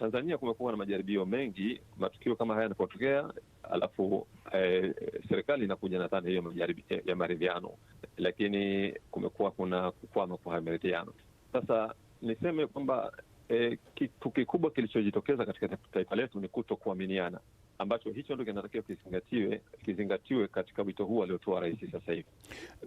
Tanzania kumekuwa na majaribio mengi, matukio kama haya yanapotokea, alafu eh, serikali inakuja na dhana hiyo ya, eh, maridhiano, lakini kumekuwa kuna kukwama kwa haya maridhiano. Sasa niseme kwamba eh, kitu kikubwa kilichojitokeza katika taifa letu ni kuto kuaminiana ambacho hicho ndo kinatakiwa kizingatiwe kizingatiwe katika wito huu aliotoa rais sasa hivi,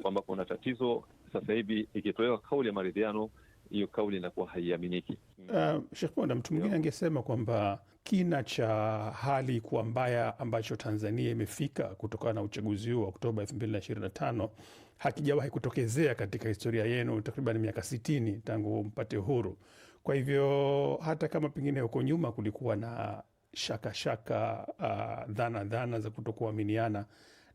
kwamba kuna tatizo sasa hivi ikitolewa kauli ya maridhiano hiyo kauli inakuwa haiaminiki. Uh, Sheikh Ponda, mtu mwingine angesema kwamba kina cha hali kuwa mbaya ambacho Tanzania imefika kutokana na uchaguzi huu wa Oktoba 2025 hakijawahi kutokezea katika historia yenu, takriban miaka 60 tangu mpate uhuru. Kwa hivyo hata kama pengine huko nyuma kulikuwa na shaka shaka, uh, dhana dhana za kutokuaminiana,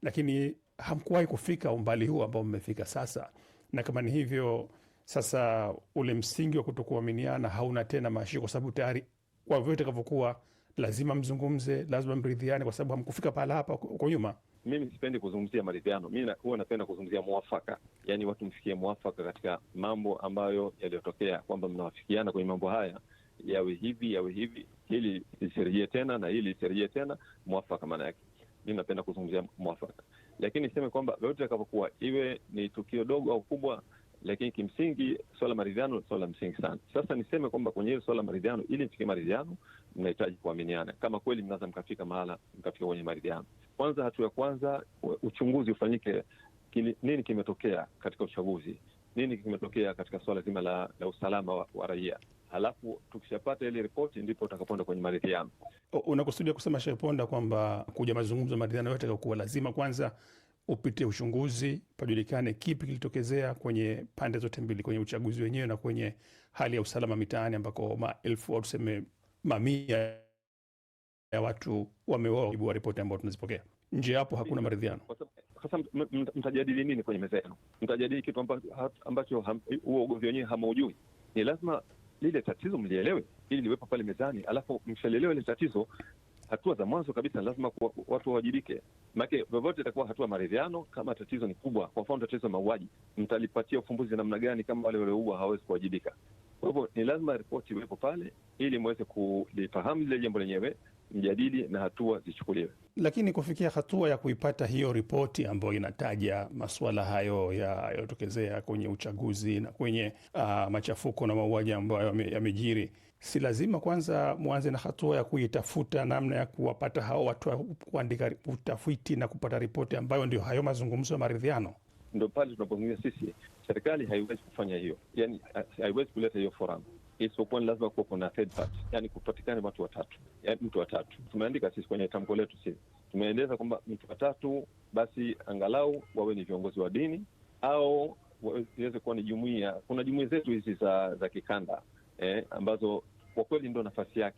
lakini hamkuwahi kufika umbali huu ambao mmefika sasa, na kama ni hivyo sasa ule msingi wa kutokuaminiana hauna tena Mashi, kwa sababu tayari kwa vyote itakavyokuwa lazima mzungumze, lazima mridhiane, kwa sababu hamkufika pahala hapa kwa nyuma. Mimi sipendi kuzungumzia maridhiano, mi huwa napenda kuzungumzia mwafaka, yaani watu mfikie mwafaka katika mambo ambayo yaliyotokea, kwamba mnawafikiana kwenye mambo haya, yawe hivi yawe hivi, hili lisirejie tena na hili lisirejie tena. Mwafaka maana yake mi napenda kuzungumzia mwafaka, lakini niseme kwamba vyote itakavyokuwa, iwe ni tukio dogo au kubwa lakini kimsingi swala maridhiano ni swala msingi sana. Sasa niseme kwamba kwenye hili swala maridhiano, ili mfike maridhiano, mnahitaji kuaminiana. Kama kweli mnaweza mkafika mahala mkafika kwenye maridhiano, kwanza, hatua ya kwanza uchunguzi ufanyike, kini, nini kimetokea katika uchaguzi, nini kimetokea katika swala zima la, la usalama wa, wa raia Halafu tukishapata ile ripoti ndipo utakapoenda kwenye maridhiano. Unakusudia kusema Shehe kwamba kuja mazungumzo ya maridhiano yote kakuwa lazima kwanza upite uchunguzi, pajulikane kipi kilitokezea kwenye pande zote mbili, kwenye uchaguzi wenyewe na kwenye hali ya usalama mitaani, ambako maelfu au tuseme mamia ya watu wameuawa, wa ripoti ambao tunazipokea. Nje hapo hakuna maridhiano. Sasa mtajadili nini kwenye meza yenu? Mtajadili kitu ambacho huo ugomvi wenyewe hamaujui? Ni lazima lile tatizo mlielewe ili liwepo pale mezani, alafu msilelewe ile tatizo hatua za mwanzo kabisa lazima kuwa, watu wawajibike, maanake vyovyote itakuwa hatua maridhiano. Kama tatizo ni kubwa, kwa mfano tatizo mauaji, mtalipatia ufumbuzi namna gani kama wale walioua hawawezi kuwajibika? Kwa hivyo ni lazima ripoti iwepo pale ili mweze kulifahamu lile jambo lenyewe, mjadili na hatua zichukuliwe. Lakini kufikia hatua ya kuipata hiyo ripoti ambayo inataja masuala hayo yayotokezea kwenye uchaguzi na kwenye uh, machafuko na mauaji ambayo yamejiri, si lazima kwanza mwanze na hatua ya kuitafuta namna ya kuwapata hao watu kuandika utafiti na kupata ripoti ambayo ndio hayo mazungumzo ya maridhiano? Ndo pale tunapozungumzia sisi, serikali haiwezi kufanya hiyo, yani haiwezi kuleta hiyo forum isipokuwa ni lazima kuwa kuna third party, yani kupatikane watu watatu, yani eh, mtu watatu. Tumeandika sisi kwenye tamko letu, sisi tumeeleza kwamba mtu watatu basi angalau wawe ni viongozi wa dini au iweze kuwa ni jumuia. Kuna jumuia zetu hizi za za kikanda eh, ambazo kwa kweli ndo nafasi yake